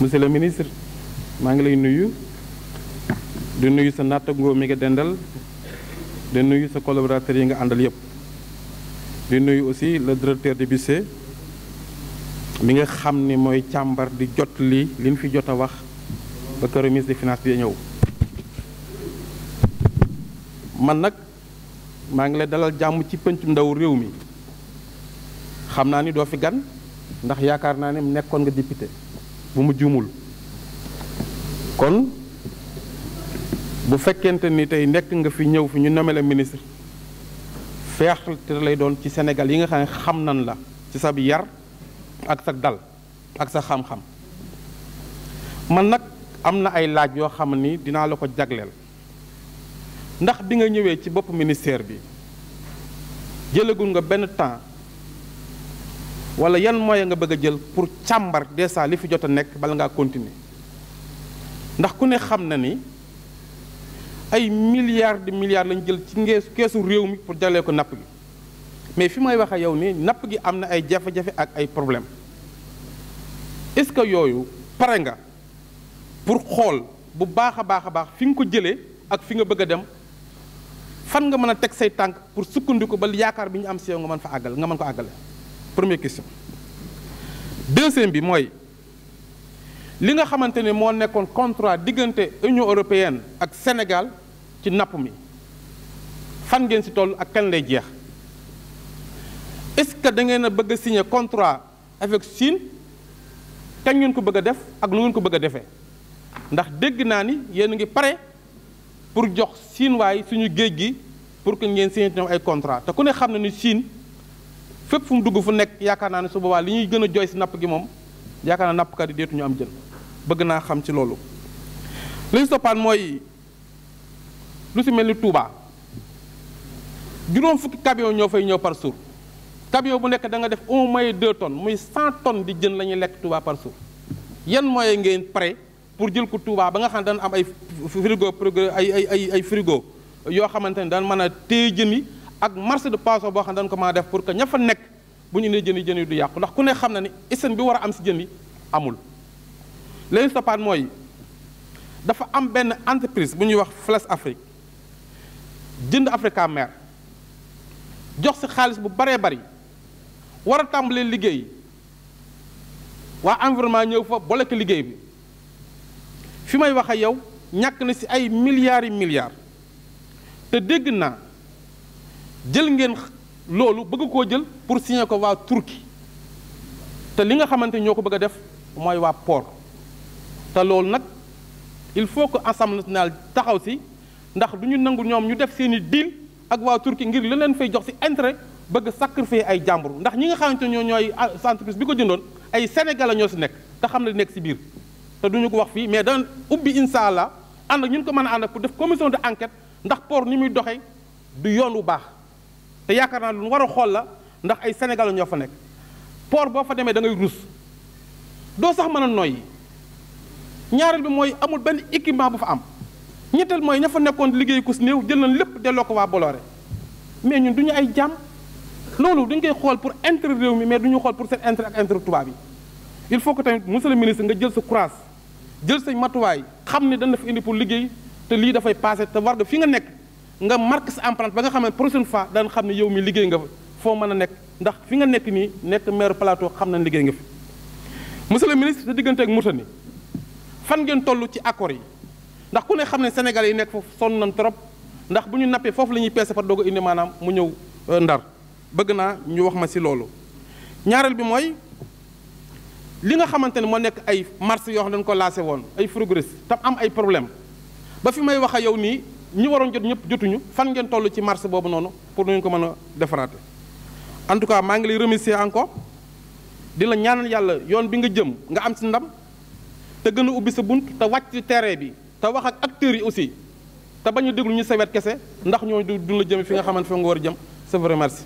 monsieur le ministre maa ngi lay nuyu di nuyu sa nattangoo mi nga dendal di nuyu sa collaborateurs yi nga àndal yépp di nuyu aussi le directeur de busse mi nga xam ni mooy càmbar di jot li li fi jot a wax ba kër ministre des bi ñëw man nag maa ngi lay dalal jàmm ci pëncum ndaw réew mi xam naa ni doo fi gan ndax yaakaar naa ne nekkoon nga député bu mu jumul kon bu fekkente ni tey nekk nga fi ñëw fi ñu nommé la ministre feexte lay doon ci senegal yi nga xam ne xam nan la ci sab yar ak sa dal ak sa xam-xam man nag am na ay laaj yoo xam ni dinaa la ko jagleel ndax bi nga ñëwee ci bopp ministère bi jëlagul nga benn temps wala yan moyen nga bëgg a jël pour càmbar dèjà li fi jot a nekk bala ngaa continuer ndax ku ne xam na ni ay milliards de milliards lañu jël ci ngees keesu réew mi pour jalee ko napp gi mais fi may waxee yow nii napp gi am na ay jafe-jafe ak ay problème est-ce que yooyu pare nga pour xool bu baax a baax a baax fi nga ko jëlee ak fi nga bëgg a dem fan nga mën a teg say tànk pour sukkandiku ba yaakaar bi ñu am si yow nga mën fa àggal nga mën ko àggale première question deuxième bi mooy li nga xamante ne moo nekkoon contrat diggante Union européenne ak Sénégal ci napp mi fan ngeen si toll ak kan lay jeex est-ce que da ngeen a bëgg a signer contrat avec Chine kañ ngeen ko bëgg a def ak lu ngeen ko bëgg a defee ndax dégg naa ni yéen a ngi pare pour jox Chine waay suñu géej gi pour que ngeen signé ñoom ay contrat te ku ne xam na ni Chine. fépp fu mu dugg fu nekk yaakaar naa ne su boobaa li ñuy gën a jooy si napp gi moom yaakaar naa nappkat yi deetuñu am jën bëgg naa xam ci loolu li ñu soppaan mooy lu si mel ni Touba juróom fukki camion ñoo fay ñëw par jour camion bu nekk danga def au moins deux tonnes muy cent tonnes di jën la ñuy lekk Touba par jour yan moyen ngeen pare pour jël ko Touba ba nga xam ne dana am ay frigo ay ay ay firigo yoo xamante ne daan mën a téye jën yi ak marché de poisson boo xam ne dañ ko mën a def pour que ña fa nekk bu ñu ne jën yi jën yi du yàqu ndax ku ne xam na ne isin bi war a am si jën amul léegi soppaan mooy dafa am benn entreprise bu ñuy wax Flash Afrique jënd Africa Mer jox si xaalis bu baree bari war a tàmbalee liggéey waa environnement ñëw fa boole ko liggéey bi fi may wax yow ñàkk na si ay milliards yi milliards te dégg naa jël ngeen loolu bëgg koo jël pour signe ko waa turki te li nga xamante ñoo ko bëgg a def mooy waa poor te loolu nag il faut que assemblée nationale taxaw si ndax du ñu nangu ñoom ñu def seeni deal ak waa Turquie ngir li leen fay jox si intre bëgg sacrifier ay jàmbur ndax ñi nga xamante ñoo ñooy ah entreprise bi ko jëndoon ay sénégalais ñoo si nekk te xam ne nekk si biir te duñu ko wax fii mais daan ubbi incha allah ànd ak ñun ko mën a ànd ak pour def commission de enquête ndax port ni muy doxee du yoon wu baax te yaakaar naa lu war a xool la ndax ay Sénégal ñoo fa nekk port boo fa demee da ngay rus doo sax mën a noyyi ñaareel bi mooy amul benn équipement bu fa am ñetteel mooy ña fa nekkoon liggéey ko si néew jël nañ lépp delloo ko waa Bolloré mais ñun du ñu ay jàmm loolu dañ koy xool pour intérêt réew mi mais du ñu xool pour seen intérêt ak intérêt tubaab yi il faut que tamit monsieur ministre nga jël sa courage jël say matuwaay xam ne dana fi indi pour liggéey te lii dafay passé te war nga fi nga nekk nga marque sa empreinte ba nga xam ne prochaine fois daan xam ne yow mi liggéey nga fa foo mën a nekk ndax fi nga nekk nii nekk maire palaato xam nañ liggéey nga fi monsieur le ministre sa diggante ak ni fan ngeen toll ci accord yi ndax ku ne xam ne sénégalais yi nekk foofu sonn nañ trop ndax bu ñu nappee foofu la ñuy peese fa doog a indi maanaam mu ñëw euh, ndar bëgg naa ñu wax ma si loolu ñaareel bi mooy li nga xamante ne moo nekk ay marché yoo xam dañ ko lancé woon ay progrès tam am ay problème may wax yow nii ñi waroon jot ñëpp jotuñu fan ngeen toll ci marché boobu noonu pour ñu ko mën a defaraate en tout cas maa ngi lay remercier encore di la ñaanal yàlla yoon bi nga jëm nga am si ndam te gën a ubbi sa bunt te wàcc ci terrain bi te wax ak acteurs yi aussi te bañ déglu ñu sa wet kese ndax ñoo du la jëm fi nga xamante fa nga war a jëm sa vrai merci